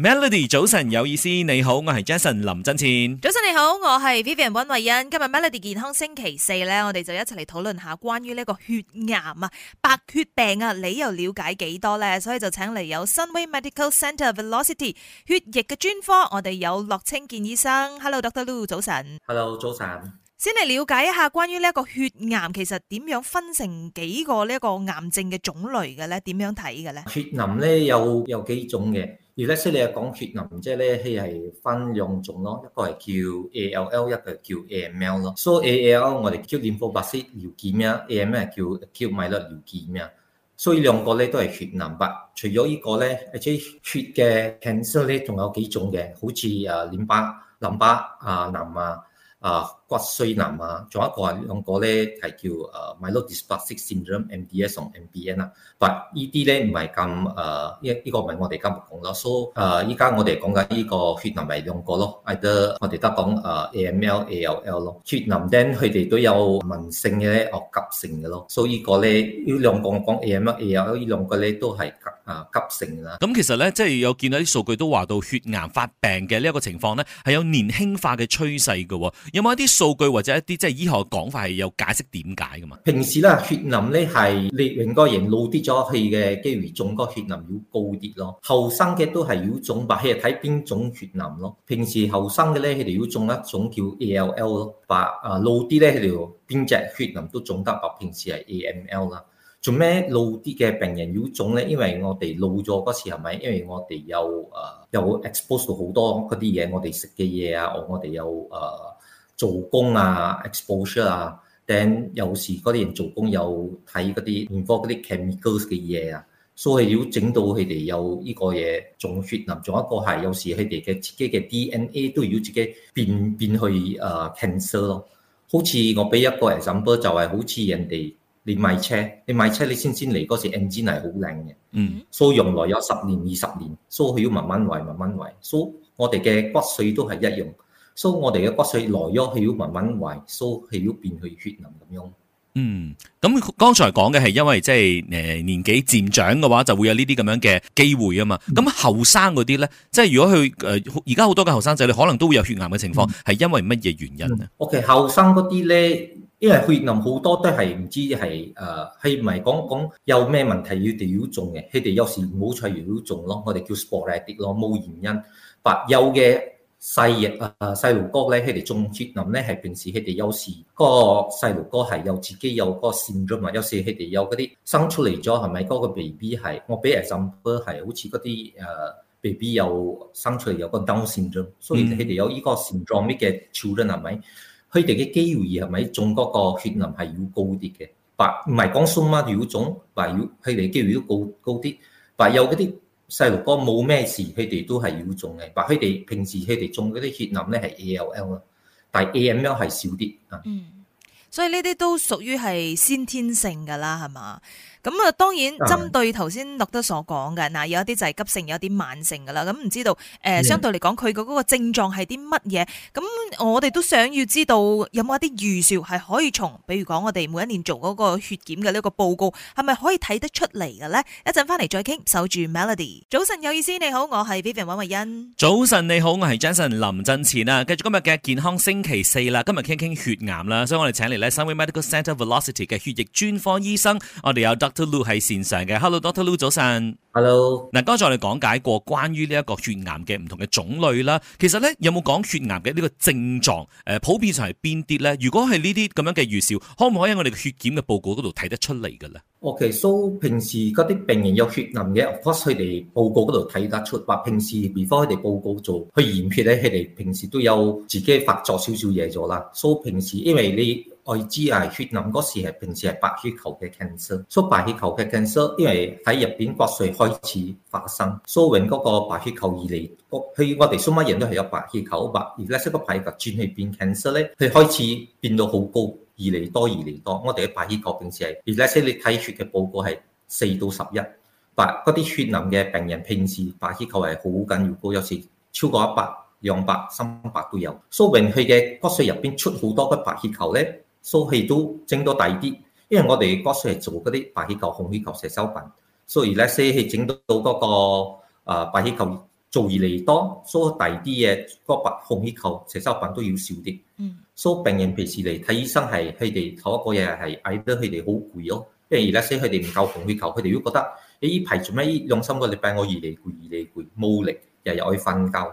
Melody 早晨有意思。你好，我係 Jason 林振前。早晨你好，我係 Vivian 溫慧欣。今日 Melody 健康星期四咧，我哋就一齊嚟討論下關於呢個血癌啊、白血病啊，你又了解幾多咧？所以就請嚟有 Sunway Medical Centre Velocity 血液嘅專科，我哋有樂清健醫生。Hello，Doctor Lu，早晨。Hello，早晨。先嚟了解一下關於呢一個血癌，其實點樣分成幾個呢一個癌症嘅種類嘅咧？點樣睇嘅咧？血癌咧有有幾種嘅？而咧出嚟講血癌，即係咧係係分兩種咯，一個係叫 A L L，一個叫 A M L 咯。所以 A L 我哋叫淋巴白血瘤叫咩啊？A M 係叫叫米粒瘤叫咩啊？所以兩個咧都係血癌白。除咗呢個咧，即係血嘅癌症咧，仲有幾種嘅？好似誒淋巴、淋巴啊癌啊啊。骨髓癌嘛、啊，仲有一個係兩個咧，係叫 myelodysplastic syndrome（MDS） 同 MDN 啊。但呢啲咧唔係咁誒，呢個唔係我哋今日講咯。So，誒，依家我哋講緊呢個血癌係兩個咯。我哋我哋得講 AML、ALL 咯。血癌咧，佢哋都有慢性嘅，哦急性嘅咯。所以呢個咧，依兩個我講 AML、ALL 依兩個咧都係急啊急性啦。咁其實咧，即係有見到啲數據都話到血癌發病嘅呢一個情況咧，係有年輕化嘅趨勢嘅、哦。有冇一啲？數據或者一啲即係醫學講法係有解釋點解㗎嘛？平時咧血癌咧係你個人老啲咗，氣嘅機會種個血癌要高啲咯。後生嘅都係要種白血，睇邊種血癌咯。平時後生嘅咧，佢哋要種一種叫 A L L 咯，白啊，老啲咧，佢哋邊隻血癌都種得白。平時係 A M L 啦，做咩老啲嘅病人要種咧？因為我哋老咗嗰時係咪？因為我哋有誒、呃、有 expose 到好多嗰啲嘢，我哋食嘅嘢啊，我我哋有誒。呃做工啊，exposure 啊，then 有時嗰啲人做工又睇嗰啲驗科、嗰啲 chemicals 嘅嘢啊，所、so, 以要整到佢哋有呢個嘢仲血淋，仲一個係有時佢哋嘅自己嘅 DNA 都要自己變變去誒 cancer 咯。好似我俾一個 example，就係、是、好似人哋你買車，你買車你先先嚟嗰時 engine 係好靚嘅，嗯、mm，所以用來有十年二十年，所以佢要慢慢為慢慢為，所、so, 以我哋嘅骨髓都係一樣。收、so, 我哋嘅骨髓內喐，佢要慢慢維，so 佢要變去血癌咁樣。嗯，咁剛才講嘅係因為即係誒年紀漸長嘅話，就會有呢啲咁樣嘅機會啊嘛。咁後生嗰啲咧，即係如果佢誒而家好多嘅後生仔，你可能都會有血癌嘅情況，係、嗯、因為乜嘢原因咧、嗯？OK，後生嗰啲咧，因為血癌好多都係唔知係誒，係唔係講講有咩問題要屌中嘅，佢哋有時冇才屌中咯，我哋叫 sporadic 咯，冇原因發有嘅。細嘢啊！細路哥咧，佢哋中血癌咧，係平時佢哋有時嗰個細路哥係有自己有嗰個 syndrome 嘛？有時佢哋有嗰啲生出嚟咗，係咪嗰個 B B 係我俾人浸都係好似嗰啲誒 B B 有生出嚟有個 Down syndrome，所以佢哋有呢個 syndrome 啲嘅 children 係咪？佢哋嘅機會係咪中嗰個血癌係要高啲嘅？話唔係講數嘛，要中話要佢哋機會要高高啲，話有啲。細路哥冇咩事，佢哋都係要種嘅。話佢哋平時佢哋種嗰啲血癌咧係 A L L 咯，但係 A M L 係少啲啊。嗯，所以呢啲都屬於係先天性噶啦，係嘛？咁啊，當然針對頭先諾德所講嘅，嗱有一啲就係急性，有一啲慢性噶啦。咁唔知道，誒相對嚟講，佢嘅嗰個症狀係啲乜嘢？咁我哋都想要知道有冇一啲預兆係可以從，比如講我哋每一年做嗰個血檢嘅呢個報告，係咪可以睇得出嚟嘅咧？一陣翻嚟再傾，守住 Melody。早晨有意思，你好，我係 Vivian 尹慧欣。早晨你好，我係 Jason 林振前啊。繼續今日嘅健康星期四啦，今日傾傾血癌啦，所以我哋請嚟咧，Sunway Medical Centre Velocity 嘅血液專科醫生，我哋有得。Doctor Lu 係綫上嘅，Hello Doctor Lu，早晨。Hello，嗱，剛才我哋講解過關於呢一個血癌嘅唔同嘅種類啦。其實咧，有冇講血癌嘅呢個症狀？誒，普遍上係邊啲咧？如果係呢啲咁樣嘅預兆，可唔可以喺我哋嘅血檢嘅報告嗰度睇得出嚟㗎咧？OK，So，平時嗰啲病人有血癌嘅，Of course，佢哋報告嗰度睇得出。話平時，before 佢哋報告做去驗血咧，佢哋平時都有自己發作少少嘢咗啦。So 平時因為你。愛滋癌血癌嗰時係平時係白血球嘅 cancer，所以白血球嘅 cancer，因為喺入邊骨髓開始發生，所以嗰個白血球二嚟，多，佢我哋所有人都係有白血球，白球而家色不排嘅轉去變 cancer 呢，佢開始變到好高二，二嚟多二嚟多。我哋嘅白血球平時係而家色你睇血嘅報告係四到十一，白嗰啲血癌嘅病人平時白血球係好緊要高，有時超過一百兩百三百都有。所以佢嘅骨髓入邊出好多個白血球咧。所以都整到大啲，因為我哋嗰時係做嗰啲白血球、紅血球、射胞品，所以咧先係整到嗰個啊白血球做越嚟多，所以大啲嘅嗰白紅血球射胞品都要少啲。嗯，所以病人平時嚟睇醫生係佢哋頭一個嘢係嗌得佢哋好攰咯，因為而家先佢哋唔夠紅血球，佢哋都果覺得你呢排做咩，兩三個禮拜我越嚟攰越嚟攰冇力，日日愛瞓覺。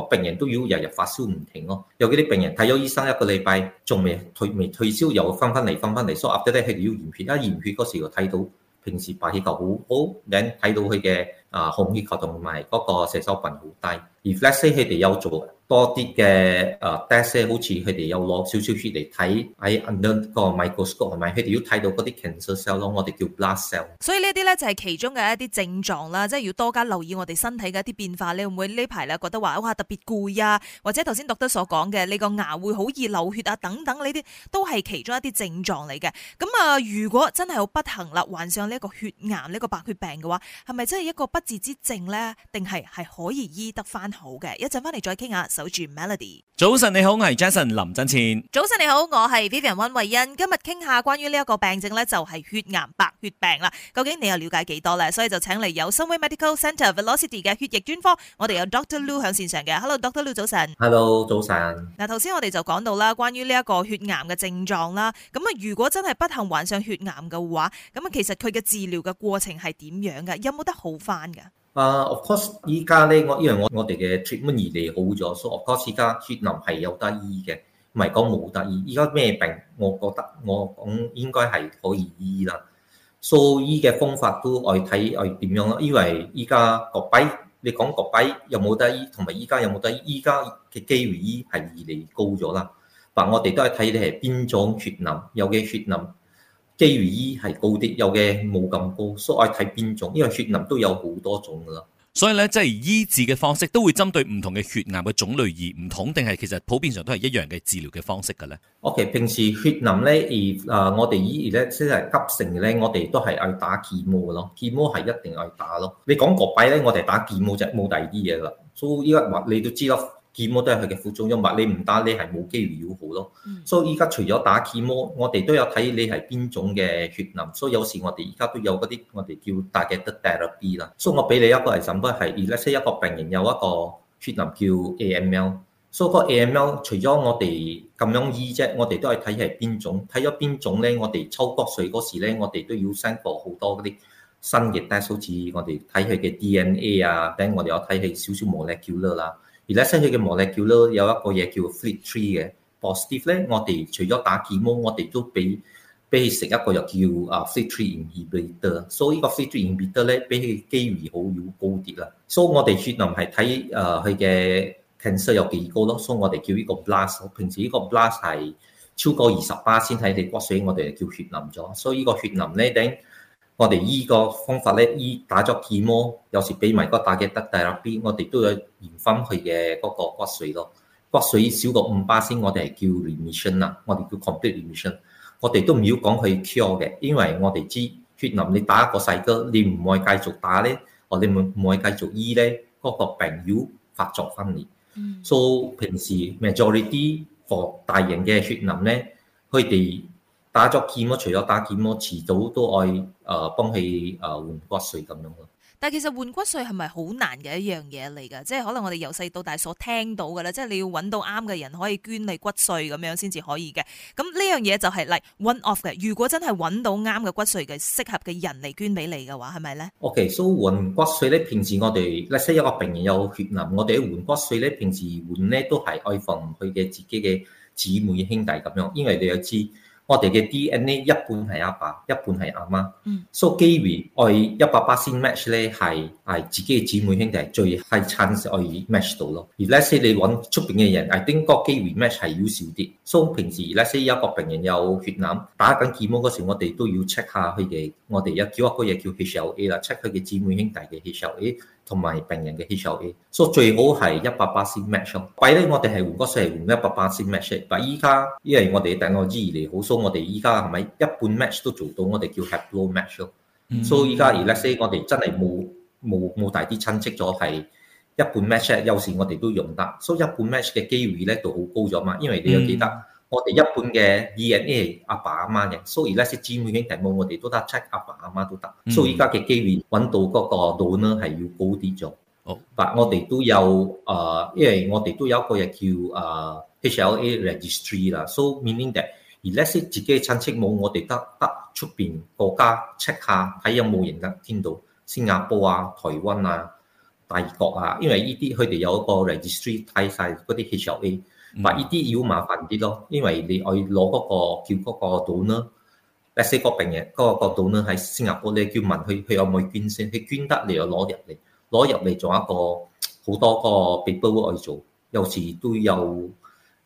個病人都要日日發燒唔停咯，有幾啲病人睇咗醫生一個禮拜，仲未退未退燒，又翻翻嚟翻翻嚟，所以佢哋要驗血。一驗血嗰時就睇到平時白血球好好，睇到佢嘅啊紅血球同埋嗰個血小板好低，而 reflex 佢哋有做。多啲嘅 test 好似佢哋有攞少少血嚟睇喺 under 個 microscope，係咪？佢哋要睇到嗰啲 cancer cell 咯，我哋叫 blast cell。所以呢啲咧就係其中嘅一啲症狀啦，即係要多加留意我哋身體嘅一啲變化。你會唔會呢排咧覺得話哇特別攰啊？或者頭先讀德所講嘅，你個牙會好易流血啊？等等呢啲都係其中一啲症狀嚟嘅。咁啊，如果真係好不幸啦，患上呢個個血癌、呢、這個白血病嘅話，係咪真係一個不治之症咧？定係係可以醫得翻好嘅？一陣翻嚟再傾下。守住 Melody。早晨你好，我係 Jason 林振倩。早晨你好，我係 Vivian 溫慧欣。今日傾下關於呢一個病症咧，就係血癌白血病啦。究竟你又了解幾多咧？所以就請嚟有深威 medical centre 嘅血液專科，我哋有 Doctor Lou 響線上嘅。Hello，Doctor Lou，早晨。Hello，Lu, 早晨。嗱，頭先我哋就講到啦，關於呢一個血癌嘅症狀啦。咁啊，如果真係不幸患上血癌嘅話，咁啊，其實佢嘅治療嘅過程係點樣嘅？有冇得好翻噶？啊，of course，依家咧，我因為我我哋嘅治療而嚟好咗，所以、so、of course 依家血癌係有得醫嘅，唔係講冇得醫。依家咩病，我覺得我講應該係可以醫啦。所、so，以醫嘅方法都愛睇愛點樣咯。因為依家個跛，你講個跛有冇得醫，同埋依家有冇得醫？依家嘅機會醫係越嚟越高咗啦。嗱，我哋都係睇你係邊種血癌，有幾血癌，基如醫係高啲，有嘅冇咁高，所以睇邊種，因為血癌都有好多種噶啦。所以咧，即係醫治嘅方式都會針對唔同嘅血癌嘅種類而唔同，定係其實普遍上都係一樣嘅治療嘅方式嘅咧。OK，平時血癌咧而誒，我哋醫咧先係急性咧，我哋都係愛打 chemo 嘅咯，chemo 係一定愛打咯。你講個弊咧，我哋打 chemo 就冇第二啲嘢啦。所以依家話你都知啦。劍魔，都係佢嘅輔助藥物，你唔打你係冇機會要好咯。所以依家除咗打劍魔，我哋都有睇你係邊種嘅血癌。所以有時我哋依家都有嗰啲我哋叫 targeted therapy 啦。所以我俾你一個係甚麼係，例如一個病人有一個血癌叫 AML，所以個 AML 除咗我哋咁樣醫啫，我哋都係睇係邊種，睇咗邊種咧，我哋抽骨髓嗰時咧，我哋都要 send 先播好多嗰啲新嘅 data，好似我哋睇佢嘅 DNA 啊，等我哋有睇佢少少 molecular 啦。而咧新嘅嘅 molecule 有一個嘢叫 FLT3 嘅 positive 咧，我哋除咗打幾毛，我哋都俾俾食一個又叫啊 FLT3 inhibitor。所以依個 FLT3 inhibitor 咧俾佢機會好要高啲啦。所以我哋血淋係睇誒佢嘅 cancer 有幾高咯。所以我哋叫依個 blast，平時依個 blast 係超過二十巴仙喺你骨髓，我哋叫血淋咗。所以依個血淋咧頂。我哋依個方法咧，醫打咗 chemo，有時俾埋個打嘅得第二邊，我哋都有延翻佢嘅嗰個骨髓咯。骨髓少過五巴仙，我哋係叫 remission 啦，我哋叫 complete remission。我哋都唔要講佢 cure 嘅，因為我哋知血癌你打一個細哥，你唔會繼續打咧，我哋唔會唔會繼續醫咧，嗰個病要發作翻嚟。嗯，so 平時 majority 個大型嘅血癌咧，佢哋。打咗劍咯，除咗打劍咯，我遲早都愛誒、呃、幫佢誒換骨髓咁樣咯。但係其實換骨髓係咪好難嘅一樣嘢嚟㗎？即係可能我哋由細到大所聽到㗎啦，即係你要揾到啱嘅人可以捐你骨髓咁樣先至可以嘅。咁呢樣嘢就係嚟 one off 嘅。如果真係揾到啱嘅骨髓嘅適合嘅人嚟捐俾你嘅話，係咪咧？OK，So，換骨髓咧，平時我哋咧，即係一個病人有血癌，我哋換骨髓咧，平時換咧都係愛放佢嘅自己嘅姊妹兄弟咁樣，因為你又知。我哋嘅 DNA 一半係阿爸，一半係阿媽 so。So 機會愛一百八先 match 咧，係係自己嘅姊妹兄弟最係 chance match 到咯。而 let's say 你揾出邊嘅人，I think 個機會 match 係要、嗯、少啲。So，平時 let's say 一個病人有血癌打緊結膜嗰時，我哋都要 check 下佢嘅。我哋有一個嘢叫 HLA 啦，check 佢嘅姊妹兄弟嘅 HLA。同埋病人嘅 HLA，所以最好係一百巴仙 match 咯。幣咧，我哋係換嗰四，係換一百巴仙 match 嘅，但依家因為我哋等我知嚟，好，所以我哋依家係咪一半 match 都做到我、mm？我哋叫 haplo match 咯。所以依家而 less 咧，我哋真係冇冇冇大啲親戚咗係一半 match 咧，有時我哋都用得，所以一半 match 嘅機會咧就好高咗嘛。因為你又記得。Mm hmm. 我哋一般嘅 E.N.A. 阿爸阿媽嘅，所以咧，啲姊妹已經提冇，我哋都得 check 阿爸阿媽都得，所以而家嘅機會揾、mm hmm. 到嗰個 donor 咧係要高啲咗。哦，oh. 但我哋都有啊、呃，因為我哋都有一個嘢叫啊 H.L.A. registry 啦，so meaning that 而呢啲自己嘅親戚冇，我哋得得出邊國家 check 下睇有冇人嘅邊度，新加坡啊、台灣啊、大國啊，因為呢啲佢哋有一個 registry 睇晒嗰啲 H.L.A. 係，呢啲要麻煩啲咯，因為你要攞嗰個叫嗰個 donor 呢，一些個病人嗰個角度呢，喺新加坡咧叫問佢，佢有冇捐先，佢捐得你又攞入嚟，攞入嚟做一個好多個 o 煲去做，有時都有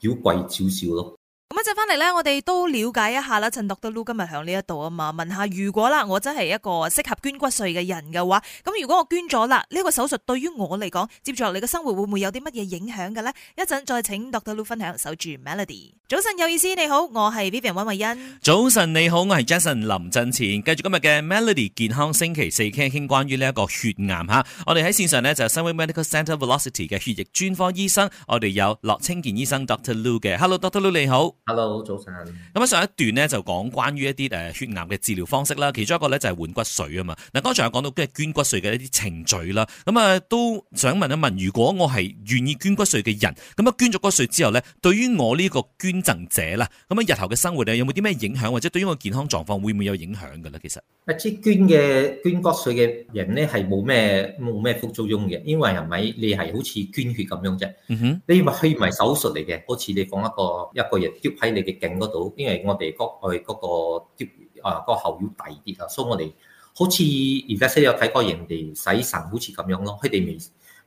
要貴少少咯。咁一陣翻嚟咧，我哋都了解一下啦。趁 Doctor Lu 今日喺呢一度啊嘛，問下如果啦，我真係一個適合捐骨髓嘅人嘅話，咁如果我捐咗啦，呢個手術對於我嚟講，接住落嚟嘅生活會唔會有啲乜嘢影響嘅咧？一陣再請 Doctor Lu 分享。守住 Melody，早晨有意思你好，我係 Vivian 溫慧欣。早晨你好，我係 Jason 林振前。繼續今日嘅 Melody 健康星期四，傾一傾關於呢一個血癌吓。我哋喺線上呢，就係 Sunway Medical Center Velocity 嘅血液專科醫生，我哋有駱清健醫生 Doctor Lu 嘅。Hello Doctor Lu 你好。Hello 早晨。咁啊上一段咧就講關於一啲誒血癌嘅治療方式啦，其中一個咧就係換骨髓啊嘛。嗱剛才有講到即係捐骨髓嘅一啲程序啦，咁啊都想問一問，如果我係願意捐骨髓嘅人，咁啊捐咗骨髓之後咧，對於我呢個捐贈者啦，咁啊日後嘅生活有冇啲咩影響或者對於我健康狀況會唔會有影響噶咧其實阿捐嘅捐骨髓嘅人咧係冇咩冇咩副作用嘅，因為係咪你係好似捐血咁樣啫。嗯哼，你咪係咪手術嚟嘅，好似你講一個一個人。喺你嘅頸嗰度，因為我哋國外嗰個啲、呃、啊個喉要大啲啊，所以我哋好似而家先有睇過人哋洗腎好似咁樣咯，佢哋未，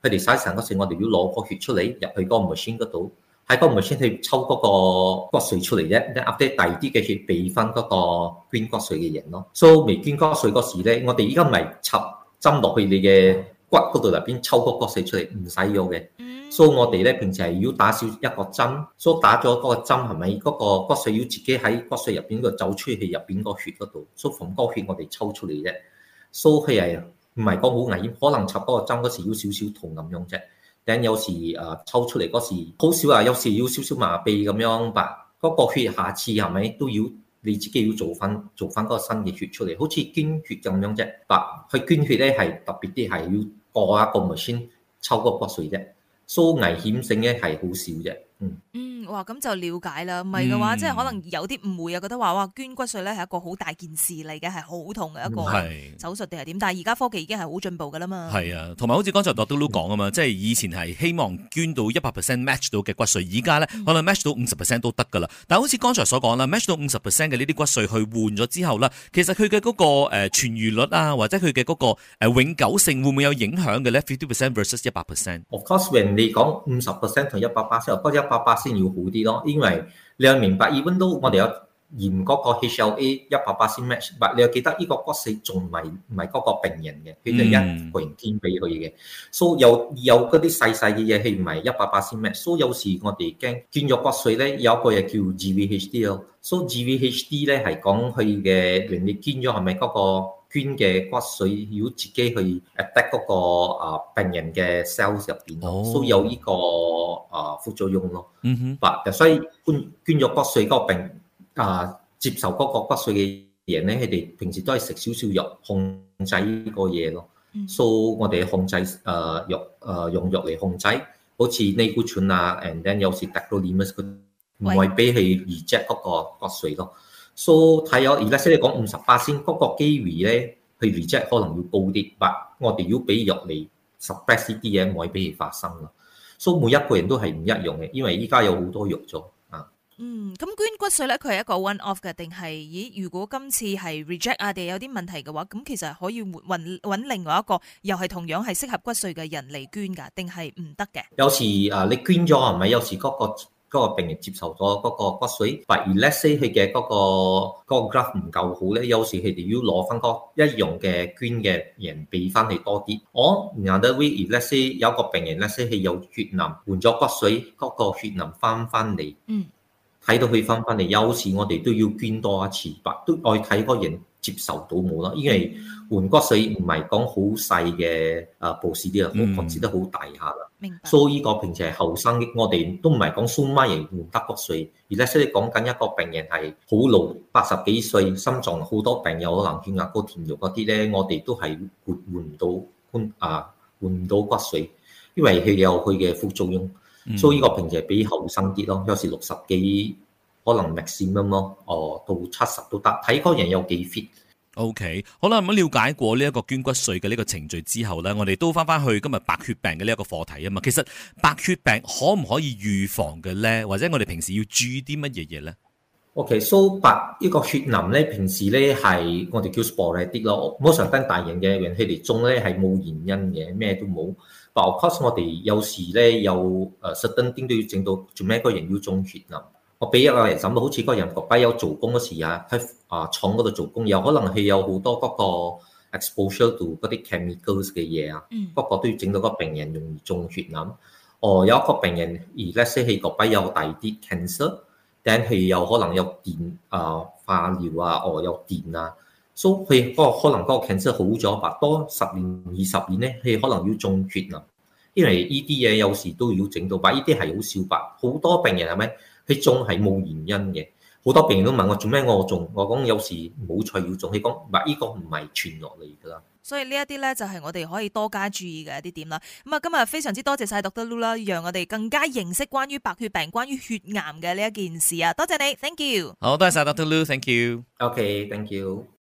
佢哋洗腎嗰時，我哋要攞個血出嚟入去個 machine 嗰度，喺個 machine 去抽嗰個骨髓出嚟啫，u p 壓第二啲嘅血俾翻嗰個捐骨髓嘅人咯。所以未捐骨髓嗰時咧，我哋依家咪插針落去你嘅骨嗰度入邊抽嗰骨髓出嚟，唔使用嘅。所以、so, 我哋咧，平時係要打少一個針，so。所打咗嗰個針係咪嗰個骨髓要自己喺骨髓入邊個走出去入邊、so, 個血嗰度縮馮嗰血，我哋抽出嚟啫。所以佢係唔係講好危險？可能插嗰個針嗰時要少少痛咁樣啫。等有時誒抽出嚟嗰時好少啊，有時要少少麻痹咁樣吧。嗰個血下次係咪都要你自己要做翻做翻嗰個新嘅血出嚟？好似捐血咁樣啫，白佢捐血咧係特別啲係要過下個門先抽個骨髓啫。疏、So, 危險性嘅係好少嘅嗯。哇，咁就瞭解啦。唔係嘅話，即係可能有啲誤會啊，覺得話哇捐骨髓咧係一個好大件事嚟嘅，係好痛嘅一個手術定係點？但係而家科技已經係好進步噶啦嘛。係啊，同埋好似剛才洛都都講啊嘛，即係以前係希望捐到一百 percent match 到嘅骨髓，而家咧可能 match 到五十 percent 都得噶啦。但係好似剛才所講啦，match 到五十 percent 嘅呢啲骨髓去換咗之後咧，其實佢嘅嗰個誒痊癒率啊，或者佢嘅嗰個誒永久性會唔會有影響嘅咧？Fifty percent versus 一百 percent。Of course，when 你講五十 percent 同一百 percent，嗰一百 percent 要。好啲咯，因為你要明白，一般都我哋有驗嗰個 HLA 一百八先 match，唔係你又記得呢個骨髓仲唔係唔係嗰個病人嘅，佢就一個人捐俾佢嘅，所以有有嗰啲細細嘅嘢係唔係一百八先 match，所以有時我哋驚捐咗骨髓咧，有個嘢叫 GVHD 咯，所以 GVHD 咧係講佢嘅，如果你捐咗係咪嗰個捐嘅骨髓要自己去 attack 嗰個啊病人嘅 cells 入邊，所以有呢個。啊副作用咯，嗯哼、mm，嗱、hmm.，所以捐捐咗骨髓嗰個病啊，接受嗰個骨髓嘅人咧，佢哋平時都係食少少藥控制呢個嘢咯。Mm hmm. So 我哋控制啊藥啊用藥嚟控制，好似內固醇啊，and then 有時 drugs 唔可以俾佢 reject 嗰個骨髓咯。So 睇有而家先你講五十八先嗰個機會咧，佢 reject 可能要高啲，但我哋要俾藥嚟 suppress 啲嘢，唔可以俾佢發生咯。所每一個人都係唔一樣嘅，因為依家有好多肉種啊。嗯，咁捐骨髓咧，佢係一個 one off 嘅，定係咦，如果今次係 reject 啊，定有啲問題嘅話，咁其實可以揾揾另外一個又係同樣係適合骨髓嘅人嚟捐㗎，定係唔得嘅？有時啊，你捐咗啊，唔係有時個、嗰個。嗰個病人接受咗嗰個骨髓，但係 let's say 佢嘅嗰個嗰個 graft 唔夠好咧，有時佢哋要攞翻嗰一樣嘅捐嘅人俾翻佢多啲。我 another way，let's say 有一個病人 let's say 有血癌換咗骨髓，嗰個血癌翻翻嚟，嗯，睇到佢翻翻嚟，有時我哋都要捐多一次，但都愛睇嗰人接受到冇啦，因為換骨髓唔係講好細嘅啊，部署啲啊，我覺得好大下啦。所以依個平時係後生啲，我哋都唔係講蘇媽型換得骨髓，而家即係講緊一個病人係好老，八十幾歲，心臟好多病，有可能血壓高、填肉嗰啲咧，我哋都係換不、啊、換唔到肝啊，換唔到骨髓，因為佢有佢嘅副作用。所以依個平時係比後生啲咯，有時六十幾可能未線咁咯，哦到七十都得，睇個人有幾 fit。O、okay, K，好啦，咁了解過呢一個捐骨髓嘅呢個程序之後咧，我哋都返返去今日白血病嘅呢一個課題啊嘛。其實白血病可唔可以預防嘅咧？或者我哋平時要注意啲乜嘢嘢咧？O K，蘇白呢 okay, so, 個血癌咧，平時咧係我哋叫 sporadic 啲咯。冇上翻大型嘅人去嚟中咧，係冇原因嘅，咩都冇。但我哋有時咧，有誒實登點都要整到做咩？一個人要中血癌？我俾一個例子，好似個人個跛有做工嗰時啊，喺啊廠嗰度做工，有可能佢有好多嗰個 exposure to 嗰啲 chemicals 嘅嘢啊。不過都要整到個病人容易中血癌。哦，有一個病人而家先係個跛有第二啲 cancer，但係又可能有電啊化療啊，哦有電啊，所以嗰可能嗰個 cancer 好咗，白多十年二十年咧，佢可能要中血癌，因為呢啲嘢有時都要整到白，呢啲係好少白，好多病人係咪？佢仲係冇原因嘅，好多病人都問我做咩我中，我講有時冇彩要中，佢講唔係呢個唔係傳落嚟㗎啦。所以呢一啲咧就係我哋可以多加注意嘅一啲點啦。咁啊，今日非常之多謝曬 Doctor Lu 啦，讓我哋更加認識關於白血病、關於血癌嘅呢一件事啊。多謝你，Thank you。好，多謝曬 Doctor Lu，Thank you。Okay，Thank you。